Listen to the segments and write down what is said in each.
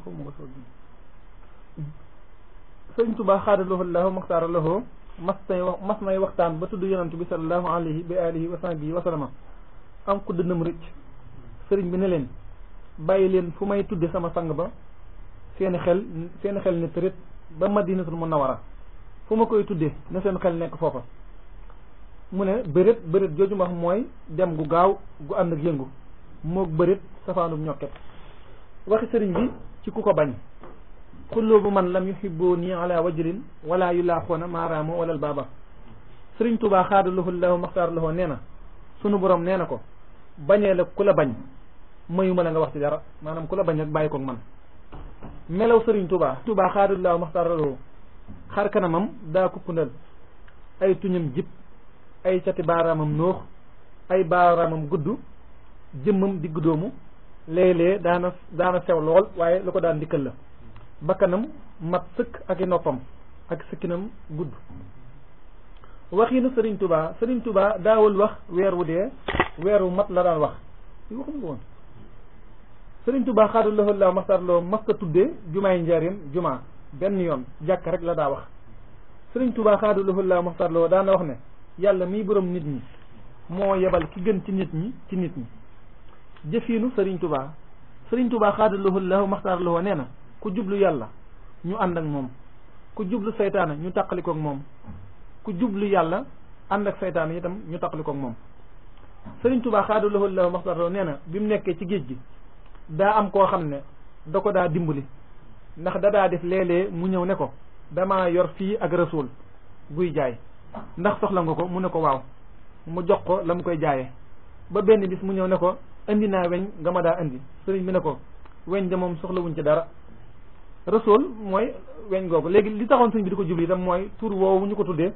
ko mu nga soog sëñ Tuubaa xaadalahu llaahu maxtaara lahu mas nay wax mas nay waxtaan ba tudd yonent bi salallaahu alayhi bi alihi wa sahbihi wa sallama am ku dënnam rëcc sëriñ bi ne leen bàyyi leen fu may tudde sama sang ba seeni xel seeni xel ne tërét ba madinatul munawara fu ma koy tudde ne seen xel nekk foofa mu ne bërét bërét jooju wax mooy dem gu gaaw gu ànd ak yëngu moog bërét safaanub ñokket waxi sëriñ bi ci ku ko bañ xullubu man lam yuhibbuni ala wajrin wala yulaaxoona maaraamu wala baaba sëriñ tubaa xaada lahu lahu maxtaar lahu nee na sunu borom nee na ko bañee la ku la bañ mayuma la nga wax ci dara maanaam ku la bañ rek bàyyi koog man melaw sëriñ tubaa tubaa xaada lahu maxtaar lahu xar kanamam daa ko pundal ay tuñam jib ay cati baaraamam noox ay baaraamam gudd jëmmam diggu doomu léeg-léeg daana daana sew lool waaye lu ko daan dikkal la bakkanam mat sëkk ak i noppam ak sëkkinam gudd waxiinu Serigne tubaa sëriñ tubaa daawul wax weer wu dee weer wu mat la daan wax yu waxum ko woon Serigne Touba xaadu loxo la masar loo mas ta tuddee jumaay njaarim jumaa benn yoon jàkk rek la daa wax Serigne Touba xaadu loxo la masar daana wax ne yàlla miy borom nit ñi moo yebal ki gën ci nit ñi ci nit ñi jëfiinu Serigne Touba Serigne Touba xaadalahu lahu maxtaar lahu nee na ku jublu yàlla ñu ànd ak moom ku jublu seytaane ñu taqalikoog moom ku jublu yàlla ànd ak seytaane itam ñu taqalikoog moom Serigne Touba xaadalahu lahu maxtaar lahu nee na bi mu nekkee ci géej gi daa am koo xam ne da ko daa dimbali ndax da daa def léeg-léeg mu ñëw ne ko dama yor fii ak rasul guy jaay ndax soxla nga ko mu ne ko waaw mu jox ko la mu koy jaayee ba benn bis mu ñëw ne ko indi naa weñ nga ma daa indi sëriñ bi ne ko weñ de moom soxlawuñ ci dara rasul mooy weñ googu léegi li taxoon sëriñ bi di ko jubli itam mooy tur woowu ñu ko tuddee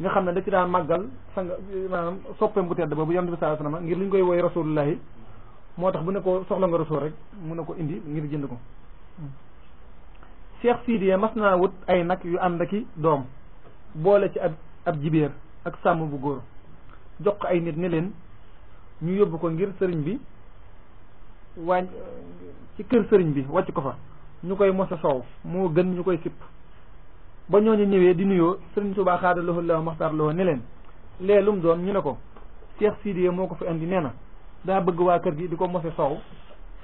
nga xam ne da ci daa màggal sang maanaam soppeem bu tedd boobu yonent bi sallallahu alayhi wasallam ngir li ñu koy woy rasulullahi moo tax bu ne ko soxla nga rasul rek mu ne ko indi ngir jënd ko Cheikh Sidiya mas naa wut ay nag yu ànd ak i doom boole ci ab ab jibéer ak sàmm bu góor jox ko ay nit ne leen ñu yóbbu ko ngir sëriñ bi waañ ci kër sëriñ bi wacc ko fa ñu koy mosa soow moo gën ñu koy sipp ba ñooñu ñëwee di nuyoo sëriñ Tuubaa xaadaloho la maxtaar loo ne leen leelum lum doon ñu ne ko Cheikh Sidiye moo ko fi andi nee na daa bëgg waa kër gi di ko mose soow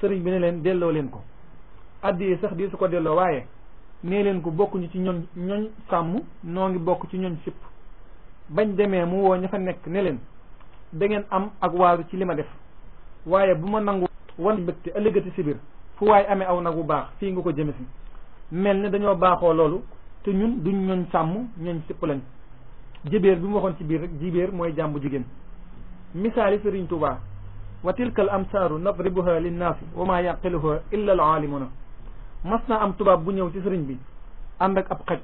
sëriñ bi ne leen delloo leen ko addiyee sax di su ko delloo waaye nee leen ko bokkuñu ci ñoñ ñoñ sàmm noo ngi bokk ci ñoñ sipp bañ demee mu woo ña fa nekk ne leen da ngeen am ak waaru ci li ma def waaye bu ma nangu wan bëgg te ëllëgati si fu waaye amee aw nag bu baax fii nga ko jëme si mel ni dañoo baaxoo loolu te ñun duñ ñooñ sàmm ñooñ sipp lañ jibéer bi mu waxoon ci biir rek jibéer mooy jàmbu jigéen misaali sëriñ tubaa wa tilka al amsaaru nadribuha linnaasi wa maa yaqiluha illa al na mas naa am tubaab bu ñëw ci sëriñ bi ànd ak ab xaj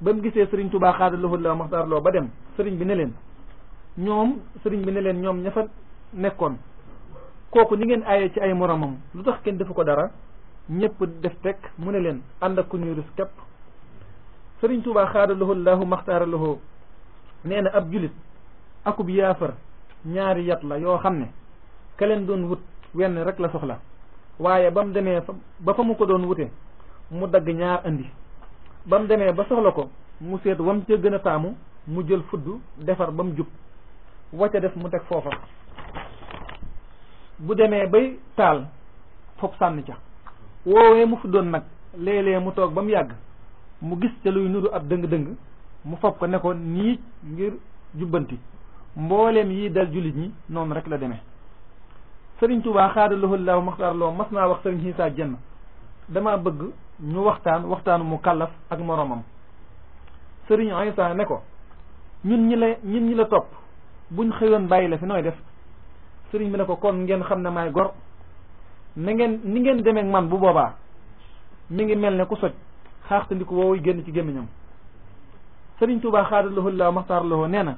ba mu gisee sëriñ tubaa xaada lahu la maxtaar loo ba dem sëriñ bi ne leen ñoom sëriñ bi ne leen ñoom ña fa nekkoon kooku ni ngeen aayee ci ay moromam lu tax kenn defu ko dara ñépp def teg mu ne leen ànd ak ku ñuy rus képp sëriñ Tuubaa xaadaloho laahu maxtaaraloho nee na ab julit akub yaafar ñaari yat la yoo xam ne ka leen doon wut wenn rek la soxla waaye ba mu demee ba fa mu ko doon wute mu dagg ñaar andi ba mu demee ba soxla ko mu seet wam ca gën a taamu mu jël fudd defar ba mu jub wacca def mu teg foofa bu demee bay taal fopp sànni ca woowee mu fuddoon nag léeg mu toog ba mu yàgg mu gis ca luy nuru ab dëng-dëng mu fopp ko ne ko nii ngir jubbanti mbooleem yi dal jullit ñi noonu rek la deme sëriñ Tuubaa xaadaloho la maxtaar loo mas naa wax sëriñ Isaa Jenn dama bëgg ñu waxtaan waxtaanu mu kàllaf ak moroomam sëriñ Isaa ne ko ñun ñi la ñun ñi la topp buñ xëyoon bàyyi la fi nooy def sëriñ bi ne ko kon ngeen xam ne maay gor na ngeen ni ngeen demee man bu boobaa mi ngi mel ne ku soj xaaxtandiku woowuy génn ci gémmiñam sëriñ Tuubaa xaadaloxul la maxtaar loxo nee na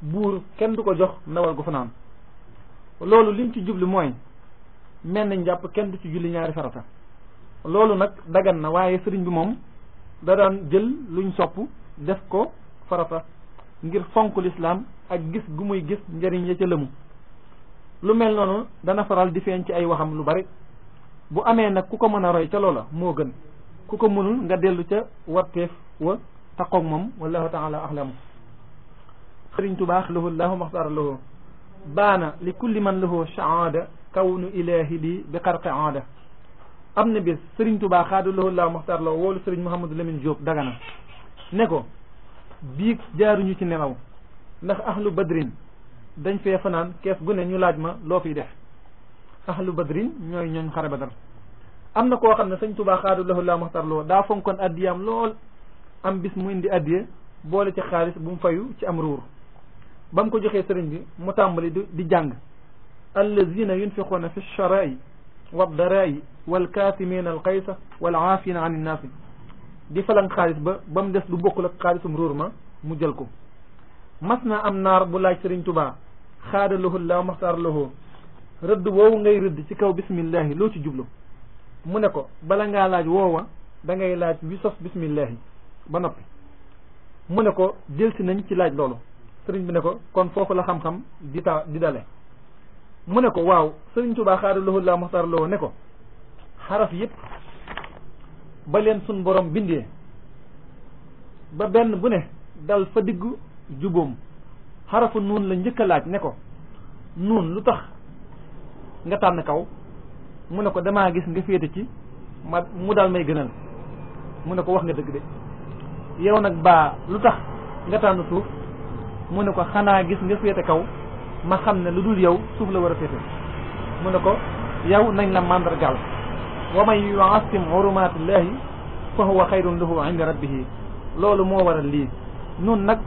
buur kenn du ko jox ndawal gu fanaan loolu liñ ci jublu mooy mel nañ jàpp kenn du ci julli ñaari farata loolu nag dagan na waaye sëriñ bi moom da daan jël luñ sopp def ko farata ngir fonk lislaam ak gis gu muy gis njëriñ ya ca lëmu lu mel noonu dana faral di feeñ ci ay waxam lu bari bu amee nag ku ko mën a roy ca loola moo gën ku ko mënul nga dellu ca warteef wa taqoog moom wallahu taala ahlamu sëriñ tubaax lahu llahu maxtaara lahu baana li kulli man lahu shaada kawnu ilaahi lii bi xarqi aada am na bis sëriñ tubaax xaadu lahu llahu maxtaara lahu woolu sëriñ Mouhamadou Lamine Diop dagana ne ko biig jaaruñu ci nelaw ndax ahlu badrin dañ fee fanaan kees gu ne ñu laaj ma loo fiy def ahlu badrin ñooy ñooñ xare badar am na koo xam ne sëñ tubaa xaadu lahu laa muxtar loo daa fonkoon am lool am bis mu indi addiye boole ci xaalis bu mu fayu ci am ruur ba mu ko joxee sëriñ bi mu tàmbali di jàng allazina yunfiquuna fi sharai wa darai wal kaasimin al qaysa wal aafina an innaasi di falang xaalis ba ba mu des lu bokkul ak xaalisum ruur ma mu jël ko mas na am naar bu laaj sëriñ tubaa xaada lahu laa maxtaar lahu rëdd woowu ngay rëdd ci kaw bismillahi loo ci jublu mu ne ko bala ngaa laaj woowa dangay laaj wi sos bismillahi ba noppi mu ne ko delsi nañ ci laaj loolu sëriñ bi ne ko kon foofu la xam-xam di ta di dale mu ne ko waaw sëriñ tubaa xaada lahu laa maxtaar lahu ne ko xaraf yépp ba leen sun borom bindee ba benn bu ne dal fa diggu jubóom xarafu nuun la njëkk laaj ne ko nuun lu tax nga tànn kaw mu ne ko damaa gis nga féete ci ma mu daal may gënal mu ne ko wax nga dëgg de yow nag baa lu tax nga tànn suuf mu ne ko xanaa gis nga féete kaw ma xam ne lu dul yow suuf la war a féete mu ne ko yow nañ la màndargaal wa man yuasim hurumaatillahi fa huwa xayrun lahu inda rabbihi loolu moo waral lii nun nag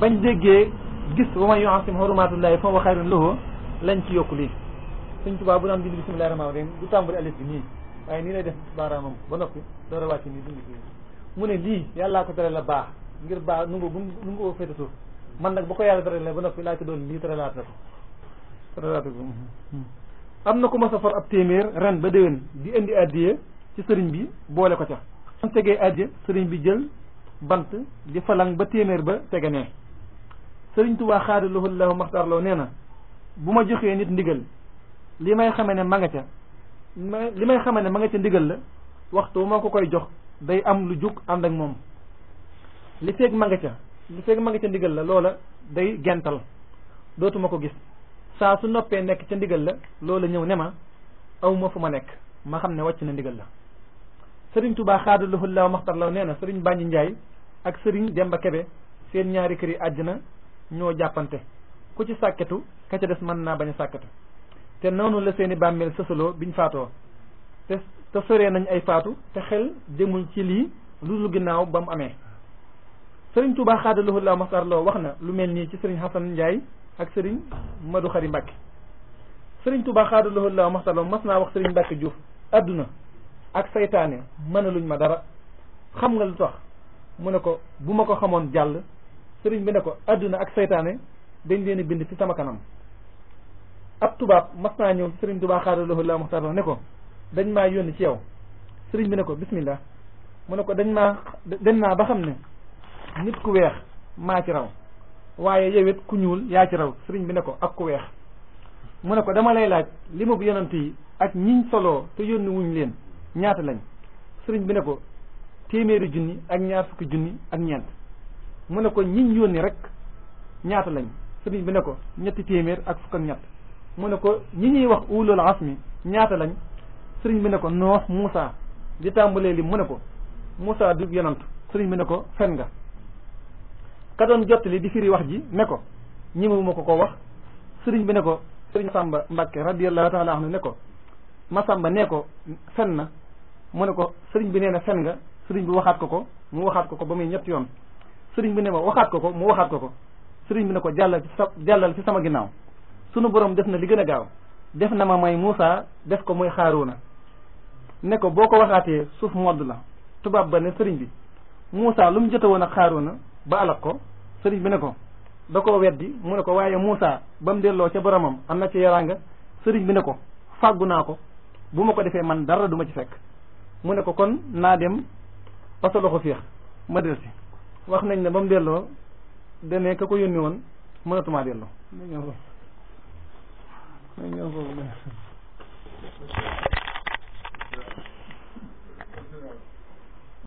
bañ déggee gis wa man yuasim hurumaatillahi fa huwa xayrun lahu lañ yokku lii Sëñ bu naan bind du tàmbali alif bi lay def baaraamam ba noppi door a mu ne lii yàllaa ko tere la baax ngir baax nu ngu nu ngu man nag ba ko yàlla tere la ba noppi laa ci doon lii terelaat na ko terelaat ko hmm. am na ku mas a for ab téeméer ren ba déwén di indi addiye ci sëriñ bi boole ko ca am tegee addiye sëriñ bi jël bant di falang ba téeméer ba tege nee sëriñ tubaa xaadalahu lahu maxtaarloo nee na bu ma joxee nit ndigal li may xame ne ma nga ca ma li may xame ne ma nga ca ndigal la waxtu ma ko koy jox day am lu jug ànd ak moom li feeg ma nga ca li feeg ma nga ca ndigal la loola day gental dootuma ko gis saa su noppee nekk ca ndigal la loola ñëw ne ma aw ma fu ma nekk ma xam ne wàcc na ndigal la sëriñ Touba xaadalahu laaw maxtar law nee na sëriñ Bàññi Njaay ak sëriñ Demba Kebe seen ñaari kër yi ñoo jàppante ku ci sàkketu ka ca des mën naa te noonu la seeni bàmmeel sësaloo biñ faatoo te te nañ ay faatu te xel demul ci lii lu dul ginnaaw ba mu amee sëriñ Touba xaadalahu laaw maxtar law wax na lu mel nii ci sëriñ Xasan Njaay ak sëriñ Madu Xari Mbàkke sëriñ Tuubaa xaadalahoo la maxtala mas naa wax sëriñ Mbàkke Juuf àdduna ak saytaane mënaluñ ma dara xam nga lu tax mu ne ko bu ma ko xamoon jàll sëriñ bi ne ko àdduna ak saytaane dañ leen bind ci sama kanam ab tubaab mas naa ñëw sëriñ Tuubaa xaadalahoo la maxtala ne ko dañ maa yónni ci yow sëriñ bi ne ko bismillah mu ne ko dañ maa dañ naa ba xam ne nit ku weex maa ci raw waaye yow ku ñuul yaa ci raw sëriñ bi ne ko ak ku weex mu ne ko dama lay laaj li ma bu yonant yi ak ñiñ soloo te yónni wuñ leen ñaata lañ sëriñ bi ne ko téeméeri junni ak ñaar junni ak ñeent mu ne ko ñiñ yónni rek ñaata lañ sëriñ bi ne ko ñetti téeméer ak fukk ak mu ne ko ñi ñuy wax ulul mi ñaata lañ sëriñ bi ne ko noox Moussa di tàmbalee li mu ne ko Moussa du yonant sëriñ bi ne ko fen nga ka doon jottali di firi wax ji ne ko ma ko ko wax sëriñ bi ne ko sëriñ Samba Mbacke radiyallahu taala anhu ne ko Masamba nee ko fen na mu ne ko sëriñ bi nee na fen nga sëriñ bi waxaat ko ko mu waxaat ko ko ba muy ñetti yoon sëriñ bi ne ma waxaat ko ko mu waxaat ko ko sëriñ bi ne ko jàllal ci sa jàllal ci sama ginnaaw sunu borom def na li gën a gaaw def na ma may Moussa def ko muy Xaaruuna ne ko boo ko waxaatee suuf modd la tubaab ba ne sëriñ bi Moussa lu mu jote woon ak Xaaruuna ba alak ko sëriñ bi ne ko da koo weddi mu ne ko waaye Moussa ba mu delloo ca boromam am na ci yaraanga sëriñ bi ne ko fàggu naa ko bu ma ko defee man dara du ma ci fekk mu ne ko kon naa dem parce que loxo féex ma del si wax nañ ne ba mu delloo dane ka ko yónni woon mënatumaa delloo